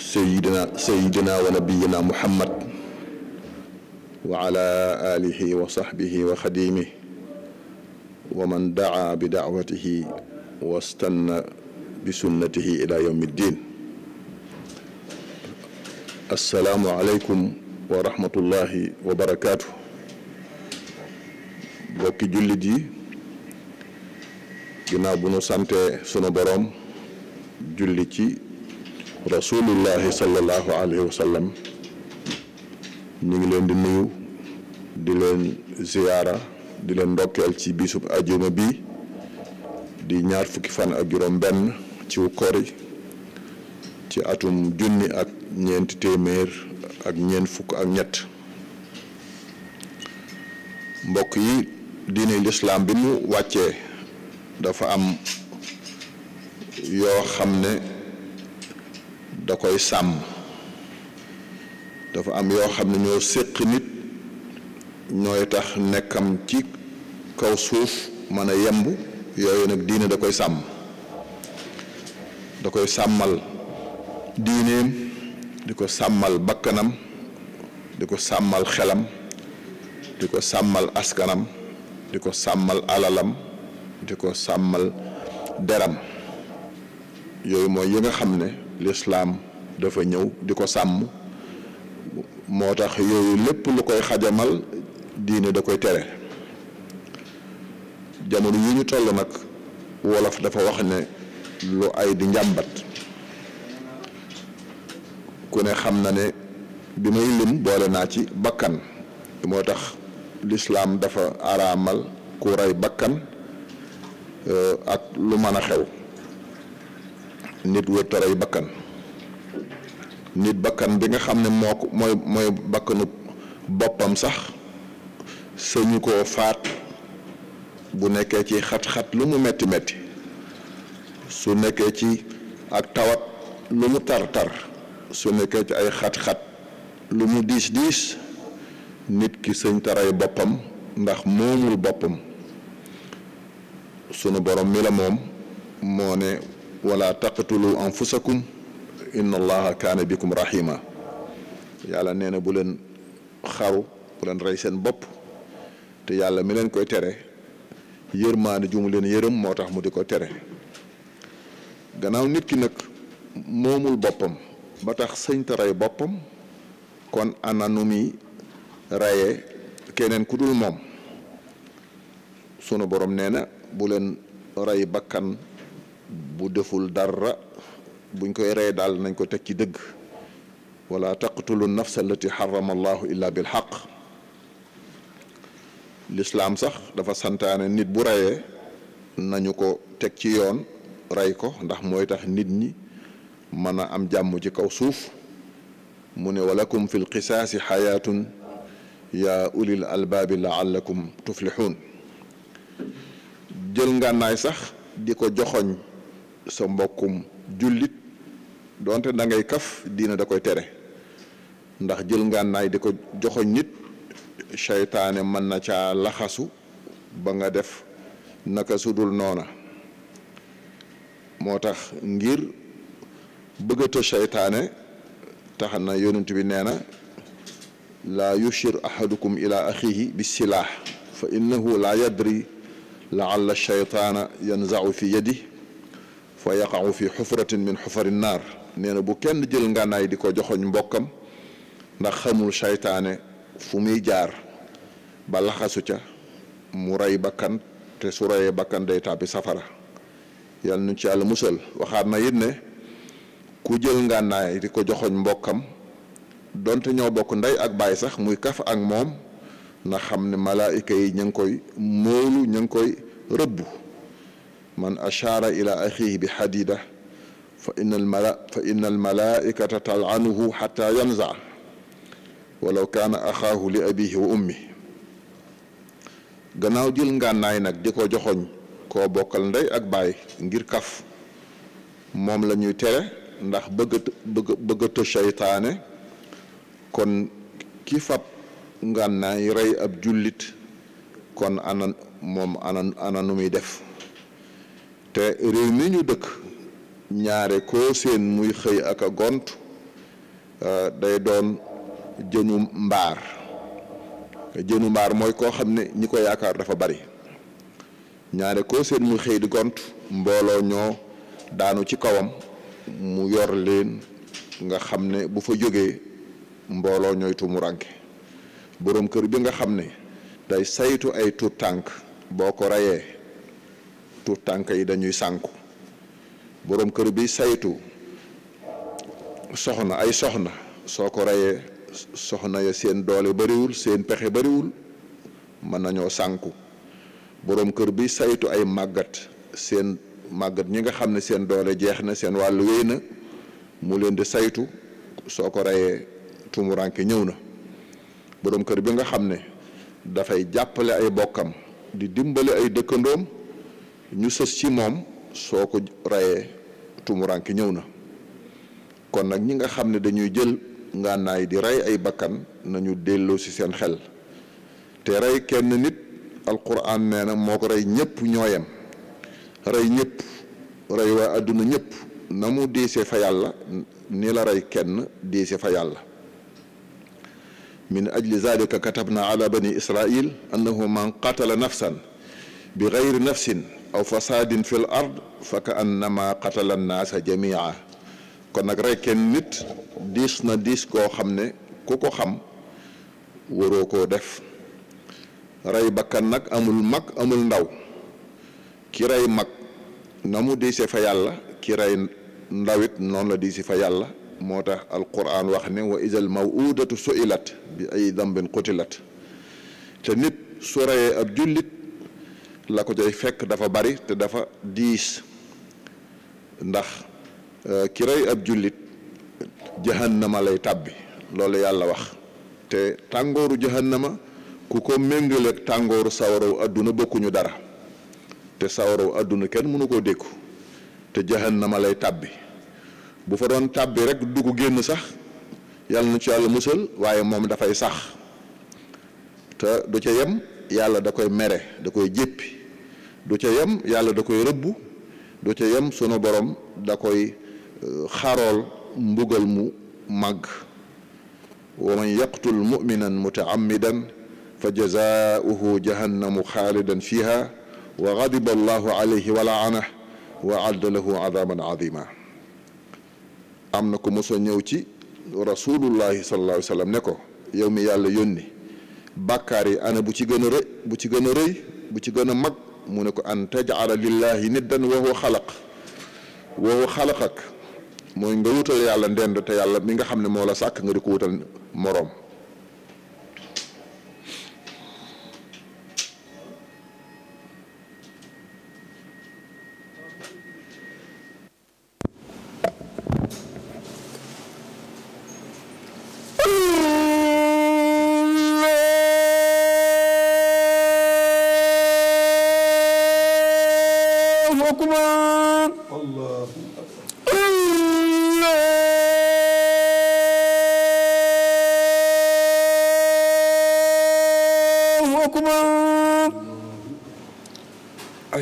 sayyidina sayyidina wa nabiyina muhammad wa ala alihi wa sahbihi wa xadimih wa man daa bi daawatihi wastanna bi sunnatihi ila yawmi ddin assalaamu aleykum wa rahmatullahi wa barakaatu bokki jullit yi ginnaaw bu nu sante sunu boroom julli ci rasulillahi sallallahu alayhi wa sallam ngi leen di nuyu di leen ziyaara di leen ndokkeel ci bisub ajuma bi di ñaar fukki fan ak juróom benn ci kori ci atum junni ak ñeenti téeméer ak ñeent fukk ak ñett mbokk yi diine lislaam bi mu wàccee dafa am yoo xam ne da koy sàmm dafa am yoo xam ne ñoo séq nit ñooy tax nekkam ci kaw suuf mën a yemb yooyu nag diine da koy sàmm da koy sàmmal diineem di ko sàmmal bakkanam di ko sàmmal xelam di ko sàmmal askanam di ko sàmmal alalam di ko sàmmal deram yooyu mooy yi nga xam ne lislaam dafa ñëw di ko sàmm moo tax yooyu lépp lu koy xajamal diine da koy tere jamono yi ñu toll nag wolof dafa wax ne lu ay di njàmbat ku ne xam na ne bi may lim boole naa ci bakkan moo tax lislaam dafa araamal kuraay bakkan euh, ak lu mën a xew nit wu taray bakkan nit bakkan bi nga xam ne moo ko mooy mooy bakkanu boppam sax sëñu koo faat bu nekkee ci xat-xat lu mu metti metti su nekkee ci ak tawat lu mu tar-tar su nekkee ci ay xat-xat lu mu diis diis nit ki sëñ taray boppam ndax moomul boppam sunu borom mi la moom moo ne wala taqtulu anfusakum inna allaha kaana bikum rahima yàlla nee na bu leen xaru bu leen rey seen bopp te yàlla mi leen koy tere yërmaane ju mu leen yërëm moo tax mu di ko tere gannaaw nit ki nag moomul boppam ba tax sëñta rey boppam kon ana nu muy reyee keneen ku dul moom sunu borom nee na bu leen rey bakkan bu deful dara buñ koy rey daal nañ ko teg ci dëgg wala taqtulu nafsa allati xarama allahu illa bi xaq lislaam sax dafa santaane nit bu reyee nañu ko teg ci yoon rey ko ndax mooy tax nit ñi mën a am jàmm ci kaw suuf mu ne walakum fi lqisaasi xayaatun yaa ulil albaabi laallakum tuflixuun jël ngànnaay sax di ko joxoñ sa mbokkum jullit donte dangay kaf diina da koy tere ndax jël ngànnaay di ko joxoñ nit seytaane mën na ca laxasu ba nga def naka sudul noona moo tax ngir bëggata seytaane tax na yonent bi nee na laa yushir ahadukum ila axihi bi silah fa innahu laa yadri laalla sheytaana yanzau fi yadi fa yaqawu fi xufratin min xufari naar nee na bu kenn jël ngànnaay di ko joxoñ mbokkam ndax xamul saytaane fu muy jaar ba laxasu ca mu rey bakkan te su reyee bakkan day tàbbi safara yàlla nu ci yàlla musal waxaat na it ne ku jël ngànnaay di ko joxoñ mbokkam donte ñoo bokk ndey ak baay sax muy kaf ak moom na xam ne malaayika yi ña ngi koy móolu ña ngi koy rëbb man ashaara ila axihi bi xadida fa inna almala fa inna almalaikata talanuhu xata yanza walaw kaana axaahu li abihi wa ummi gannaaw jël ngànnaay nag di ko joxoñ koo bokkal ndey ak baay ngir kaf moom la ñuy tere ndax bëgg bëgg bëggata seytaane kon ki fab ngànnaay rey ab jullit kon ana moom ana ana nu muy def te réew mi ñu dëkk ñaare koo seen muy xëy ak a gont euh, day doon jënu mbaar jënu mbaar mooy koo xam ne ñi ko yaakaar dafa bari ñaare koo seen muy xëy di gont mbooloo ñoo daanu ci kawam mu yor leen nga xam ne bu fa jógee mbooloo ñooy tumuranke boroom kër bi nga xam ne day saytu ay tuut tànk boo ko rayee tout tànk yi dañuy sànku boroom kër bi saytu soxna ay soxna soo ko reyee soxna ya seen doole bariwul seen pexe bariwul mën nañoo sànku boroom kër bi saytu ay màggat seen màggat ñi nga xam ne seen doole jeex na seen wàll wéy na mu leen di saytu soo ko reyee tumuranke ñëw na boroom kër bi nga xam ne dafay jàppale ay bokkam di dimbale ay dëkkandoom ñu sës ci moom soo ko rayee tumuranke ñëw na kon nag ñi nga xam ne dañuy jël ngànnaay di rey ay bakkan nañu delloo ci seen xel te rey kenn nit alquran nee na moo ko rey ñëpp ñooyam rey ñëpp rey waa àdduna ñëpp na mu diisee fa yàlla ni la rey kenn diisee fa yàlla min ajli zalika katabna ala bani israil annahu man qatala nafsan bi gayri nafsin aw fasaadin fil ard fa ka annama qatala naasa jamia kon nag rey kenn nit diis na diis koo xam ne ku ko xam waroo ko def rey bakkan nag amul mag amul ndaw ki rey mag na mu diise fa yàlla ki rey ndawit noonu la diise fa yàlla moo tax alquran wax ne wa isal mawudatu suilat bi ay dambin qutilat te nit su reyee ab jullit la ko cay fekk dafa bari te dafa diis ndax euh, ki rey ab jullit jahannama lay tàbbi loolu yàlla wax te tàngooru jahannama ku ko méngaleeg tàngooru sawaraw àdduna bokkuñu dara te sawaraw àdduna kenn mënu koo dékku te jahannama lay tàbbi bu fa doon tàbbi rek dugg génn sax yàlla na ci yàlla musal waaye moom dafay sax te du ca yem yàlla da koy mere da koy jéppi du ca yem yàlla da koy rëbb du ca yem sunu borom dakoy koy euh, xarool mbugal mu màgg wa man yaqtul muminan mutaammidan fa jazaauhu jahannamu xaalidan fiha wa gadiba allahu alayhi wa laanah wa adda lahu adaban am na ko moso ñëw ci rasulullahi sallallahu alayhi wa sallam ne ko yow mi yàlla yónni bàkkaar ana bu ci gën a bu ci gën a rëy ci gën a mag mu ne ko an tajala lillahi niddan wa huwa xalaq wa huwa xalaqak mooy nga wutal yàlla ndend te yàlla mi nga xam ne moo la sàkk nga di ko wutal moroom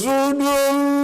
sudur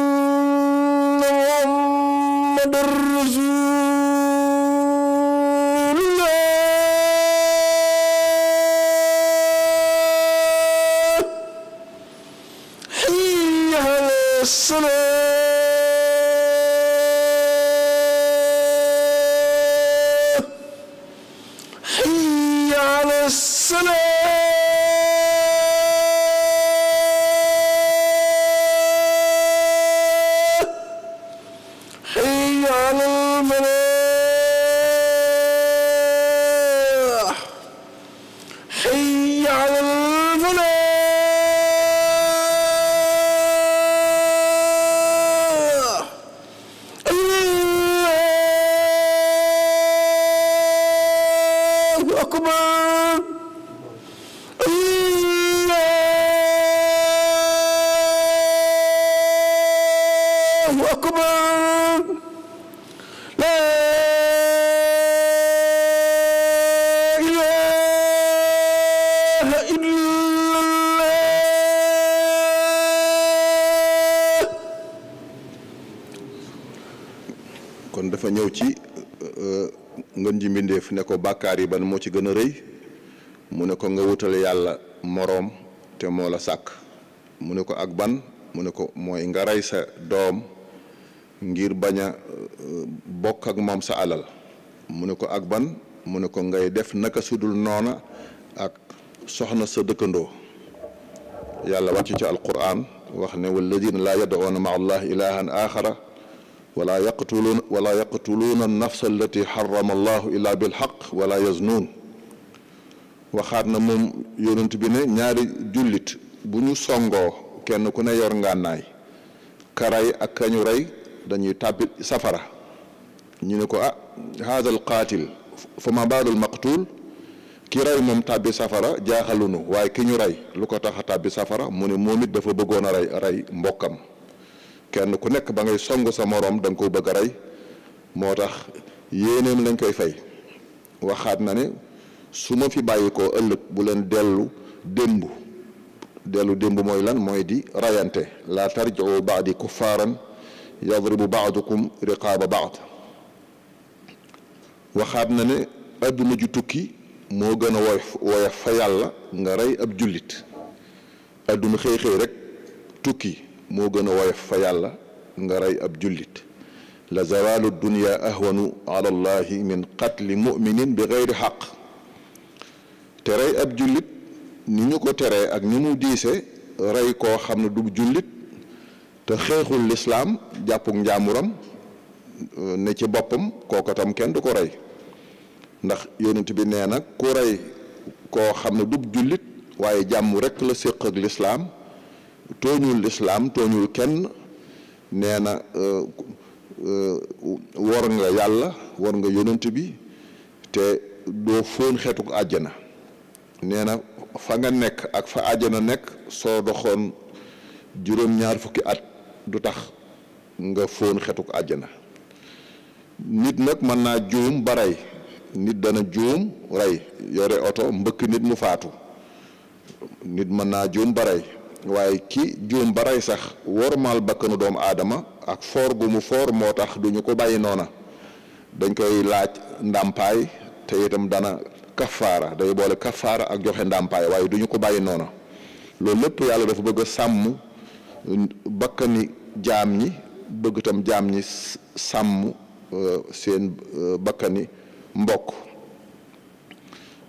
dafa ñëw ci euh, nga ji mbindeef ne ko bàkkaar yi ban moo ci gën a rëy mu ne ko nga wutale yàlla moroom te moo la sàkk mu ne ko ak ban mu ne ko mooy nga rey sa doom ngir bañ a euh, bokk ak moom sa alal mu ne ko ak ban mu ne ko ngay def naka sudul noona ak soxna sa dëkkandoo yàlla wàcc ci alquran wax ne walladina laa yad'uuna ma allahi ilahan axara wala yaqtuluuna wala yaqtuluuna nafsa allati xarama allahu illa bilxaq wala yaznuun waxaat na moom yonent bi ne ñaari jullit bu ñu songoo kenn ku ne yor ngànnaay ka rey ak kañu rey dañuy tàbbi safara ñu ne ko ah haada al qaatil fa ma baalu al maqtuul ki rey moom tàbbi safara jaaxalunu waaye ki ñu rey lu ko tax a tàbbi safara mu ne moom it dafa bëggoon a rey mbokkam kenn ku nekk ba ngay song sa moroom danga nga ko bëgg rey moo tax yéeneem lañ koy fay waxaat na ne su ma fi bàyyi koo ëllëg bu leen dellu démb dellu démb mooy lan mooy di rayante laa baax tarji'u ba'di kuffaaran yadribu ba'dukum riqaaba ba'd waxaat na ne àdduna ju tukki moo gën a woyof woyof fa yàlla nga rey ab jullit àdduna xëy xëy rek tukki moo gën a woyof fa yàlla nga rey ab jullit la zawalu dunia ahwanu ala allahi min qatli muminin bi geyri xaq te rey ab jullit ni ñu ko teree ak ni mu diise rey koo xam ne du jullit te xeexul lislaam jàppug njaamuram euh, ne ci boppam kooka tam kenn du ko rey ndax yonent bi nee na ku rey koo xam ne du jullit waaye jàmm rekk la séq ak lislaam tooñul lislaam tooñul kenn nee na euh, euh, war nga yàlla war nga yonent bi te doo fóon xeetuk àjjana nee na fa nga nekk ak fa àjjana nekk soo doxoon juróom-ñaar fukki at du tax nga fóon xetuk àjjana nit nag mën naa juum ba rey nit dana juum rey yore oto mbëkk nit mu faatu nit mën naa juum ba rey waaye ki juum ba rey sax wormaal bakkanu doomu aadama ak foor gu mu foor moo tax du ñu ko bàyyi noona dañ koy laaj ndàmpaay te itam dana kafaara day boole kafaara ak joxe ndàmpaay waaye du ñu ko bàyyi noona loolu lépp yàlla dafa bëgg a sàmm bakkani jaam ñi bëgg tam jaam ñi sàmm euh, seen euh, bakkani mbokk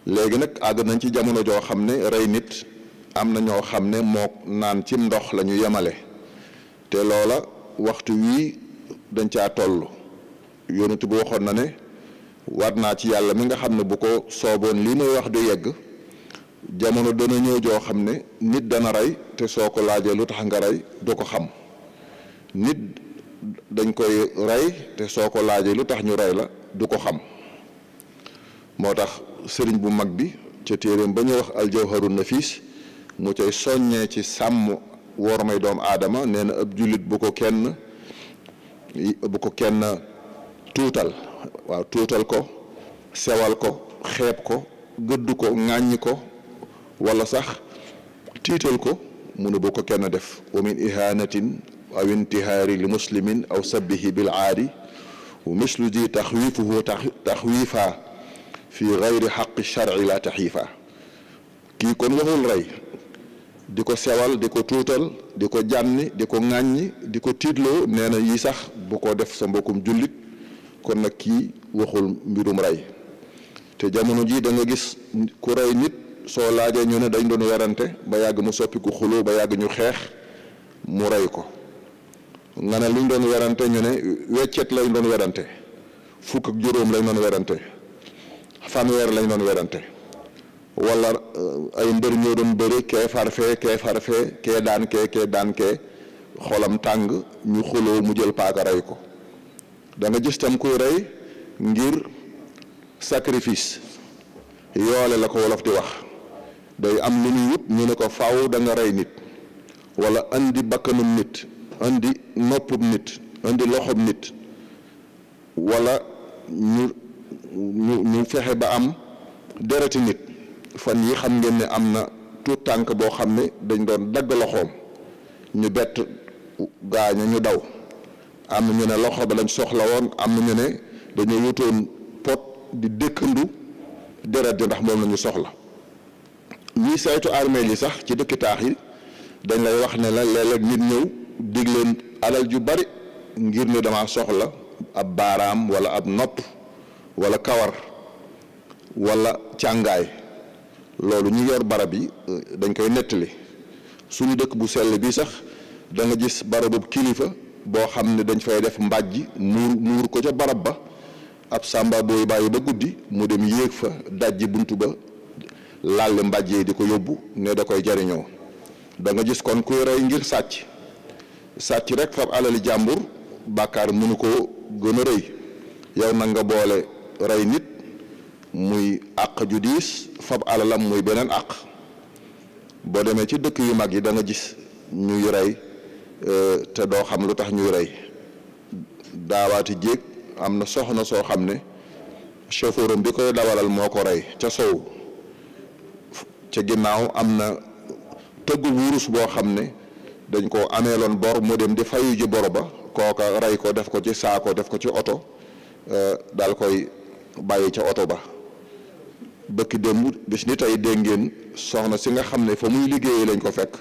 léegi nag àgg nañ ci jamono joo xam ne rey nit am na ñoo xam ne mook naan ci ndox la ñu yemale te loola waxtu wii dañ caa toll yonent bi waxoon na ne waat naa ci yàlla mi nga xam ne bu ko sooboon lii may wax du yegg jamono dana ñëw joo xam ne nit dana rey te soo ko laajee lu tax nga rey du ko xam nit dañ koy rey te soo ko laajee lu tax ñu rey la du ko xam moo tax sëriñ bu mag bi ca téeréem ba ñu wax na fiis mu cay soññee ci sàmm woor may doom aadama nee na ab jullit bu ko kenn bu ko kenn tuutal waaw tuutal ko sewal ko xeeb ko gëdd ko ŋàññ ko walla sax tiital ko mu ne bu ko kenn def wa min ihanatin aw intihaari li muslimin aw sabbihi bil aadi wa mislu ji taxwiifuhu taxwiifa fi gayri xaqi sharci la taxiifa kii kon waxul rey di ko sewal di ko tuutal di ko jànni di ko ŋàññi di ko tiitloo nee na yii sax bu ko def sa mbokkum jullit kon nag kii waxul mbirum rey te jamono jii danga gis ku rey nit soo laajee ñu ne dañ doon werante ba yàgg mu soppi ku xuloo ba yàgg ñu xeex mu rey ko nga ne luñ doon werante ñu ne weccet lañ doon werante fukk ak juróom lañ doon werante fanweer lañ doon werante wala eh, ay mbër ñoo doon bëri kee farfee kee farfee kee daan kee kee daan kee xolam tàng ñu xuloo mu jël paaka rey ko danga nga gis tam kuy rey ngir sacrifice yoole la ko wolof di wax day am lu muy wut ñu ne ko faw da rey nit wala andi bakkanum nit andi noppum nit andi loxom nit wala ñu ñu ñu fexe ba am dereti nit fan yi xam ngeen ne am na tuut tànk boo xam ne dañ doon dagg loxoom ñu bett gaañu ñu daw am na ñu ne loxo ba lañ soxla woon am na ñu ne dañoo wutoon pot di dëkkandu deret ji ndax moom la ñu soxla ñiy saytu armeel yi sax ci dëkki taax yi dañ lay wax ne la léeg nit ñëw dig leen alal ju bari ngir ni dama soxla ab baaraam walla ab nopp walla kawar wala càngaay loolu ñu yor barab yi euh, dañ koy nettali suñu dëkk bu sell bi sax danga nga gis barabu kilifa boo xam ne dañ fay def mbàjj nuur nuur ko ca barab ba ab sàmba booy bàyyi ba guddi mu dem yéeg fa dajji bunt ba laal mbàjj yi di ko yóbbu ne da koy jariñoo da nga gis kon kuy rey ngir sàcc sàcc rek fab alali jàmbur bàkkaar mënu ko gën a rëy yow nag nga boole rey nit muy àq ju diis fab alalam muy beneen àq boo demee ci dëkk yu mag yi danga nga gis ñuy rey euh, te doo xam lu tax ñuy rey daawaati jéeg am na soxna soo xam ne chauffeuram bi koy dawalal moo ko rey ca sow ca ginnaaw am na tëggu wurus boo xam ne dañ ko ameeloon bor mu dem di fayu ji bor ba kooka rey ko def ko ci saako def ko ci oto euh, daal koy bàyyi ca oto ba bëkki démb bis ni tey dégg ngeen soxna si nga xam ne fa muy liggéeyee lañ ko fekk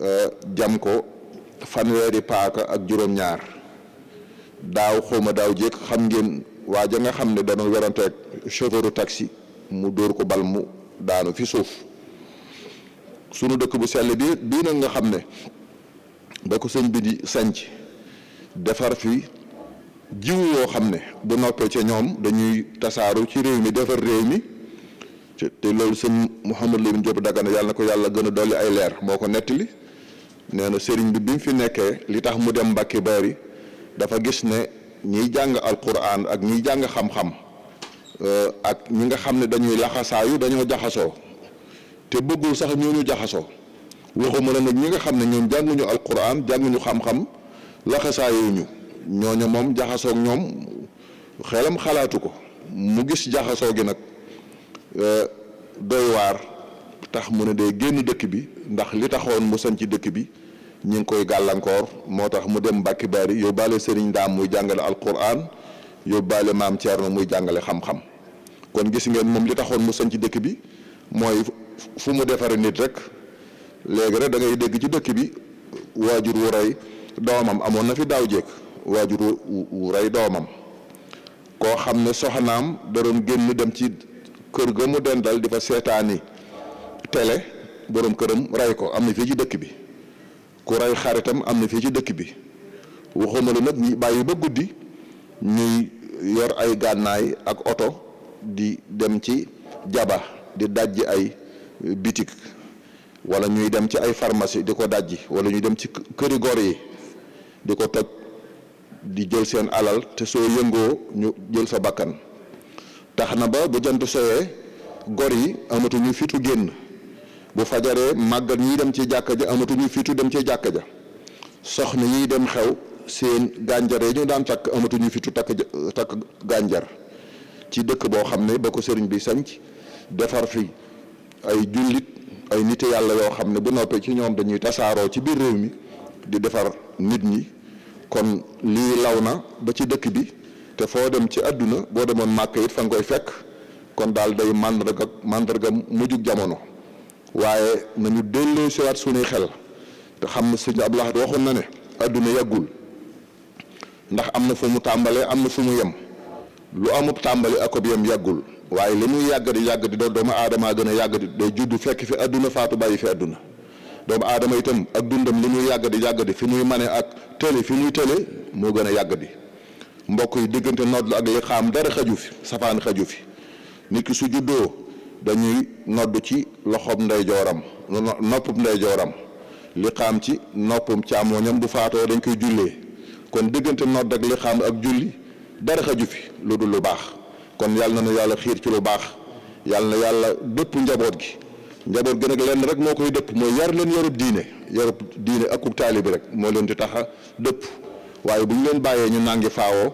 euh, jam ko fanweeri paaka ak juróom-ñaar daaw xawma daaw jéeg xam ngeen waa ja nga xam ne dañoo weranteeg chauffeuru taxi mu dóor ko bal mu daanu fi suuf sunu dëkk bu sell bi bii nag nga xam ne ba ko sëñ bi di sanc defar fi jiw yoo xam ne bu noppee ca ñoom dañuy tasaaru ci réew mi defar réew mi te loolu sëñ Mouhamed Lamine Diop daggana yàlla ko yàlla gën a dolli ay leer moo ko nettali nee na sëriñ bi bi mu fi nekkee li tax mu dem Mbàkke Bari dafa gis ne ñiy jàng alquran ak ñiy jàng xam-xam euh, ak ñi nga xam ne dañuy laxasaayu dañoo jaxasoo te bëggul sax ñoo ñu jaxasoo waxuma la ñi nga xam ne ñoom jànguñu alquran jànguñu xam-xam laxasaayu ñu moom jaxasoog ñoom xelam xalaatu ko mu gis jaxasoo gi nag. Euh, doy waar tax mu ne day génn dëkk bi ndax li taxoon mu sañ ci dëkk bi ñu ngi koy gàllankoor moo tax mu dem Mbàkke Bari yóbbaale Sëriñ Daam muy jàngale alquran yóbbaale maam Thierno muy jàngale xam-xam kon gis ngeen moom li taxoon mu sañ ci dëkk bi mooy fu mu defaree nit rek léegi rek dangay ngay dégg ci dëkk bi waajur wu rey doomam amoon na fi daaw jéeg waajur wu rey doomam koo xam ne soxnaam da doon génn dem ci. kër ga mu dendal di fa seetaani télé boroom këram rey ko am na fii ci dëkk bi ku rey xaritam am na fii ci dëkk bi waxuma la nag ñi bàyyi ba guddi ñuy yor ay gànnaay ak oto di dem ci jaba di dajj ay bitik wala ñuy dem ci ay pharmacie di ko dajji wala ñuy dem ci këri gor yi di ko toj di jël seen alal te soo yëngoo ñu jël sa bakkan tax na ba bu jant sowee gor yi amatuñu fitu génn bu fajaree màggat ñiy dem ci jàkk ja amatu amatuñu fitu dem ci jàkka ja soxna ñiy dem xew seen gànjar yi ñu daan takk amatuñu fitu takk takk gànjar ci dëkk boo xam ne ba ko sëriñ bi sanc defar fi ay jullit ay nit yàlla yoo xam ne bu noppee ci ñoom dañuy tasaaroo ci biir réew mi di defar nit ñi kon lii law na ba ci dëkk bi te foo dem ci àdduna boo demoon màkk it fa nga koy fekk kon daal day màndarga màndarga mujju jamono waaye na nañu delloo siwaat suñuy xel te xam ne sëñ Abdou Lahad waxoon na ne àdduna yàggul ndax am na fu mu tàmbalee am na fu mu yem lu amub tàmbali akob yem yàggul waaye li muy yàgga di yàgg di doon doomu aadamaa gën a yàgg di day judd fekk fi àdduna faatu bàyyi fi àdduna doomu aadama itam ak dundam li muy yàgg di yàgg di fi muy mane ak tële fi muy tële moo gën a yàgg di mbokk yi diggante nodd ak li xaam dara xaju fi safaan xaju fi nit ki su juddoo dañuy nodd ci loxob ndeyjooram noppub ndeyjooram li xaam ci noppum càmmooñam bu faatoo dañ koy jullee kon diggante nodd ak li xaam ak julli dara xaju fi lu dul lu baax kon yàlla na nu yàlla xiir ci lu baax yàlla na yàlla dëpp njaboot gi njaboot gi nag lenn rek moo koy dëpp mooy yar leen yarub diine yarub diine ak akub taalibi rek moo leen di taxa dëpp waaye bu ñu leen bàyyee ñu nangi faawoo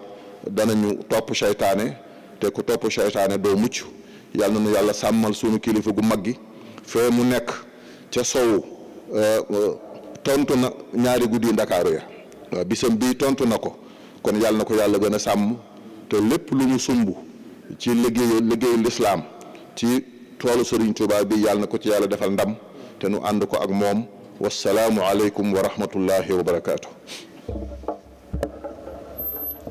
danañu topp seytaane te ku topp seytaane doo mucc yàlla na nu yàlla sàmmal sunu kilifa gu mag gi fee mu nekk ca sow eh, eh, tontu na ñaari guddi ndakaaru ya bisam bii tontu na ko kon yàlla na ko yàlla gën a sàmm te lépp lu mu sumb ci liggéeyu liggéeyu lislaam ci toolu Sëriñ Tuubaa bi yàlla na ko ci yàlla defal ndam te nu ànd ko ak moom wasalaamu aleykum wa rahmatullahi wa barakaatu.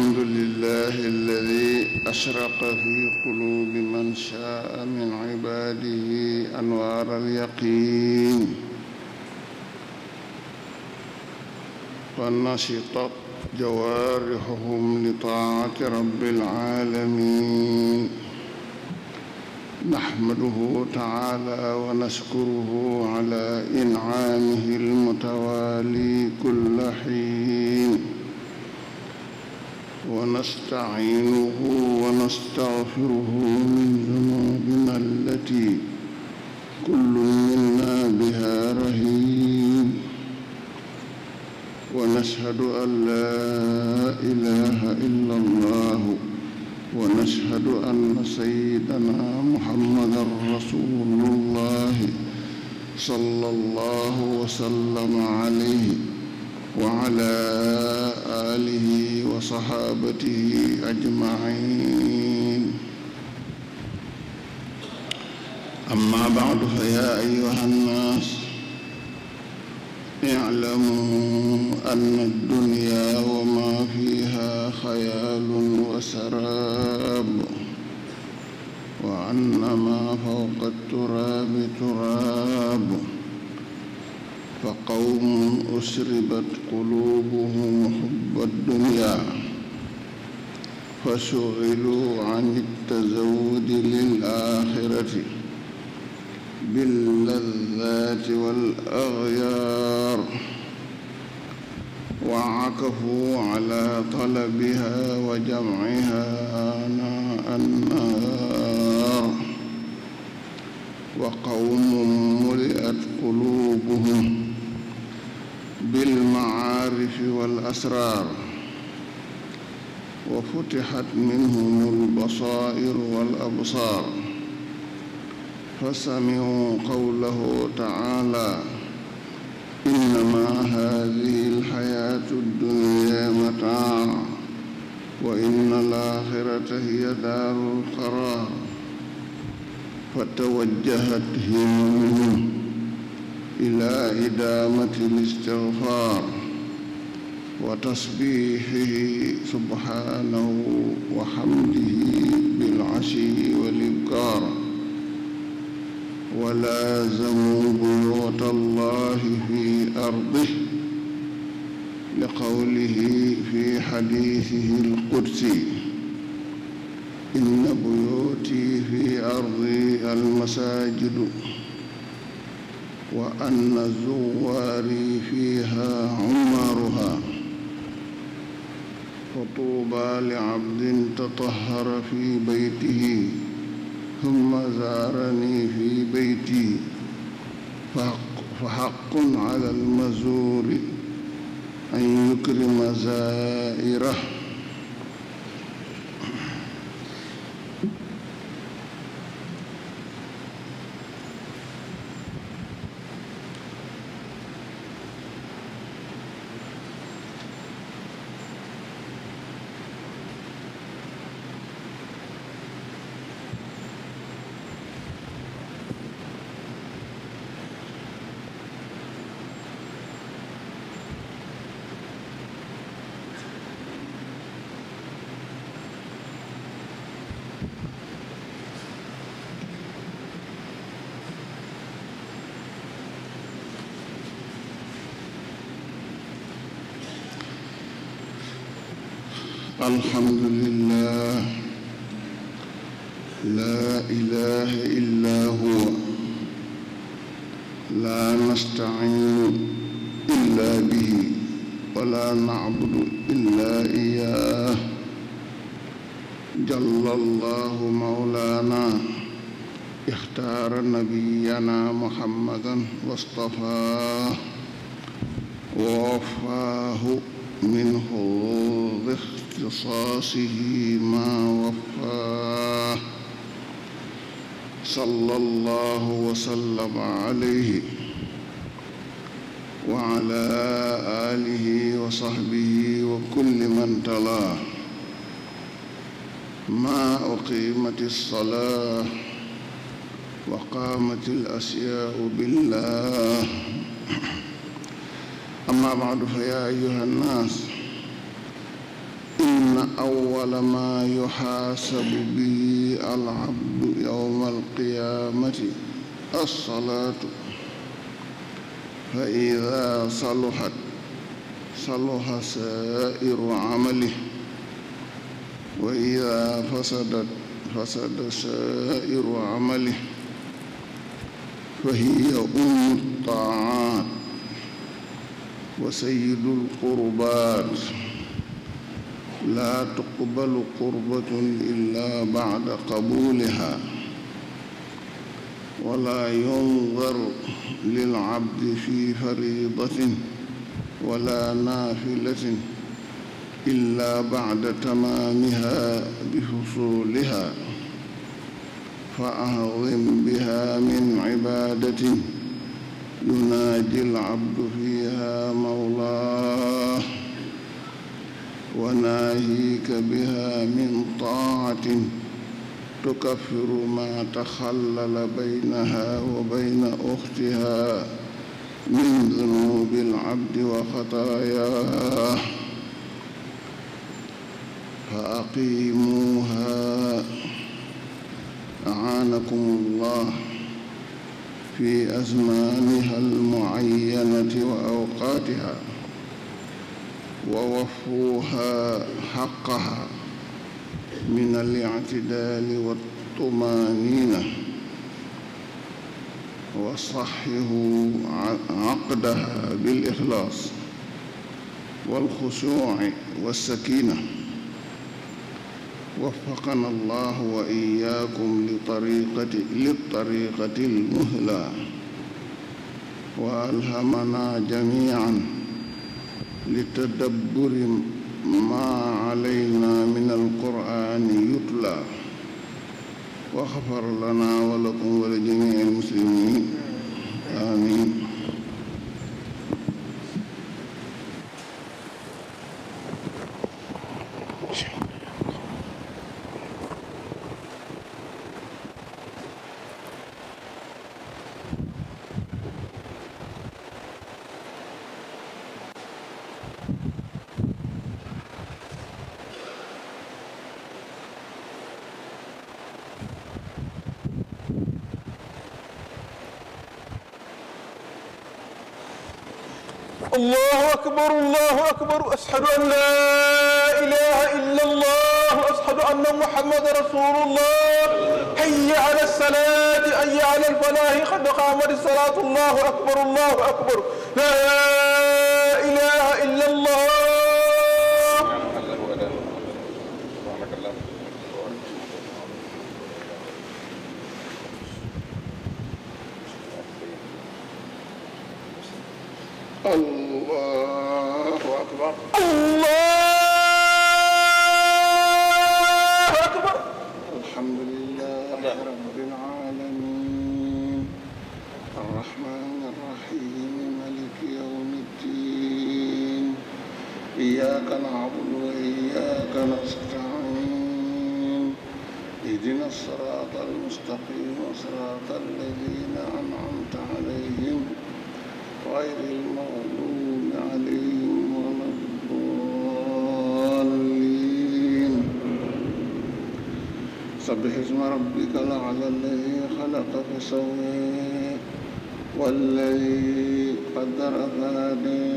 الحمد لله الذي أشرق في قلوب من شاء من عباده أنوار اليقين ونشطت جوارحهم لطاعة رب العالمين نحمده تعالى ونشكره على إنعامه المتوالي كل حين ونستعينه ونستغفره من ذنوبنا التي كل منا بها رهين ونشهد أن لا إله إلا الله ونشهد أن سيدنا محمدا رسول الله صلى الله وسلم عليه وعلى آله وصحابته أجمعين أما بعد فيا أيها الناس اعلموا أن الدنيا وما فيها خيال وسراب وأن ما فوق التراب تراب fa qawmun usribat qulubuhum xubba dunya fa suxilu an tazawudi lil axirati billadaati wal axyaar وعكفوا على طلبها وجمعها آناء النهار وقوم ملئت قلوبهم والأسرار وفتحت منهم البصائر والأبصار فسمعوا قوله تعالى إنما هذه الحياة الدنيا متاع وإن الآخرة هي دار القرار فتوجهت همهم إلى إدامة الاستغفار وتسبيحه سبحانه وحمده بالعشي والإبكار ولازموا بيوت الله في أرضه لقوله في حديثه القدسي إن بيوتي في أرضي المساجد وأن زواري فيها عمارها وطوبى لعبد تطهر في بيته ثم زارني في بيتي فحق, فحق على المزور أن يكرم زائره الحمد لله لا إله إلا هو لا نستعين إلا به ولا نعبد إلا إياه جل الله مولانا اختار نبينا محمدا واصطفاه ووفاه منه ظفر قصاصه ما وفاه صلى الله وسلم عليه وعلى آله وصحبه وكل من تلاه ما أقيمت الصلاة وقامت الأسياء بالله أما بعد فيا أيها الناس إن أول ما يحاسب به العبد يوم القيامة الصلاة فإذا صلحت صلح سائر عمله وإذا فسدت فسد سائر عمله فهي أم الطاعات وسيد القربات laa tuqbalu qurbatun illaa bacda qabuulihaa walaa yundar lilcabdi fi fariidatin wala naafilatin illaa bacda tamaamihaa bifusuulihaa fa ahdim bihaa min cibaadatin yunaaji alcabdu fiihaa mawlaa وناهيك بها من طاعة تكفر ما تخلل بينها وبين أختها من ذنوب العبد وخطاياه فأقيموها أعانكم الله في أزمانها المعينة وأوقاتها wa wafuuha xaqaha min al-i'tidaali wat-tumaaniina wa saxihu caqdaha bil-ixlaas wal-xushuuci was-sakiina waffaqana Allaahu wa iyyaakum li-tariiqati li-tariiqati al-muhlaa wa alhamanaa jamiican لتدبر ما علينا من القرآن يتلى واغفر لنا ولكم ولجميع المسلمين آمين akbar allahu akbar ashhadu an la ilaha illa allah ashhadu anna muhammadan rasulullah hayya ala salaati hayya ala alfalahi qad qaamat salaatu allahu akbar allahu akbar la ilaha illa allah Allah الله سبح اسم ربك الأعلى الذي خلق فسوي والذي قدر فهدي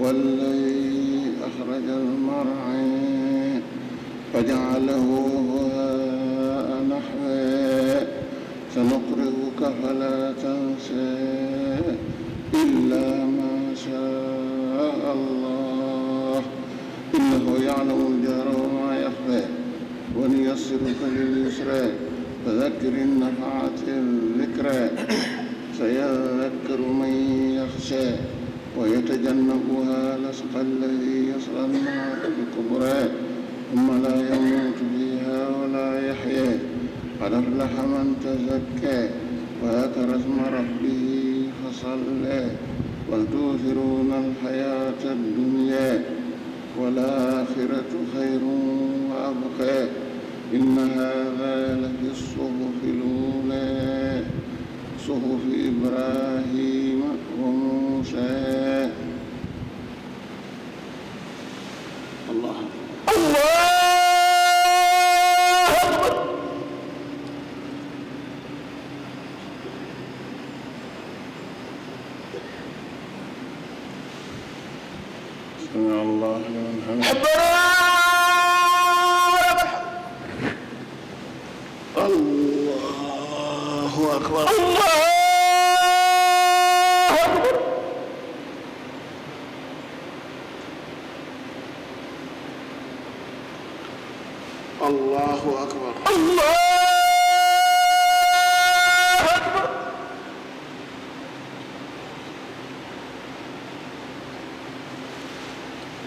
والذي أخرج المرعي فجعله هواء نحوي سنقرئك فلا تنسي بكل اليسر فذكر النفعة الذكرى سيذكر من يخشى ويتجنبها لصق الذي يصلى النار الكبرى ثم لا يموت فيها ولا يحيا قد افلح من تزكى وذكر اسم ربه فصلى بل تؤثرون الحياة الدنيا والآخرة خير وأبقى إن هذا لفي الصحف الأولى صحف إبراهيم وموسى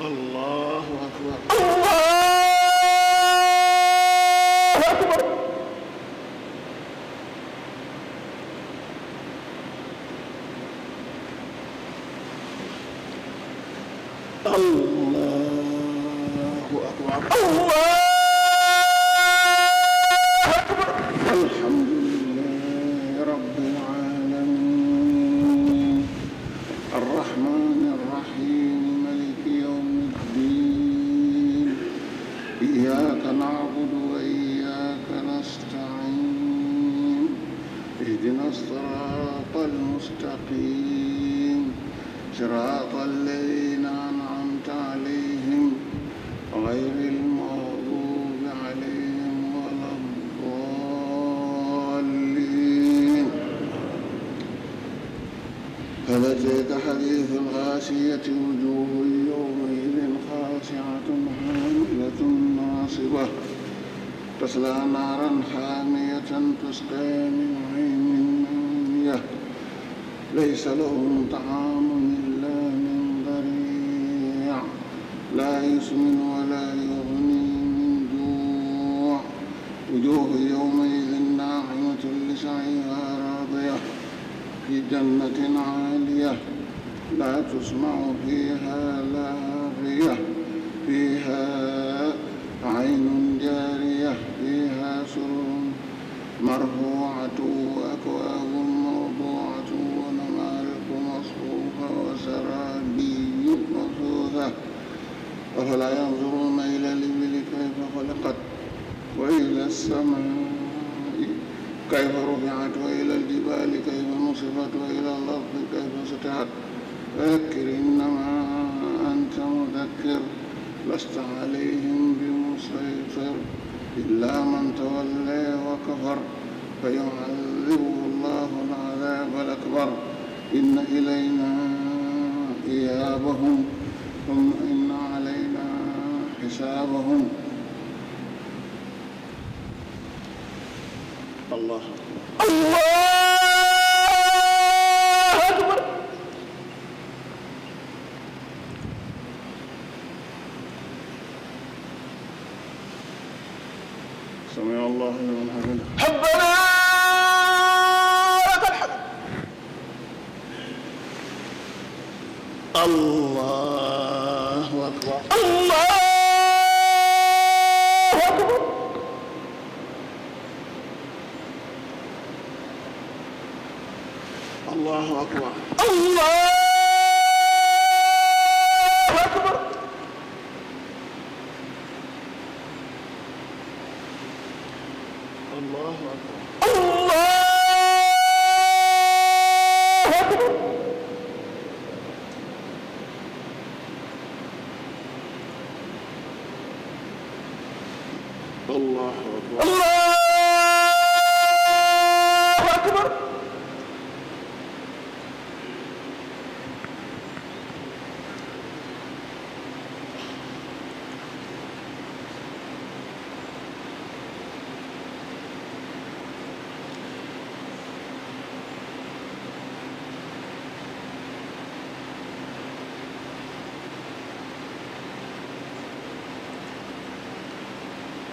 الله أكبر مشمن ولا يغني من جوع وجوه يومئذ ناعمة لسعيها راضية في جنة عالية لا تسمع فيها لاغية فيها عين جارية فيها سرر مرفوعة وأكواب أفلا ينظرون إلى الإبل كيف خلقت وإلى السماء كيف رفعت وإلى الجبال كيف نصفت وإلى الأرض كيف سطحت فذكر إنما أنت مذكر لست عليهم بمسيطر إلا من تولي وكفر فيعذبه الله العذاب الأكبر إن إلينا إيابهم ثم شعرهم الله الله أكبر سمع الله لمن حمده ربنا لك الحمد الله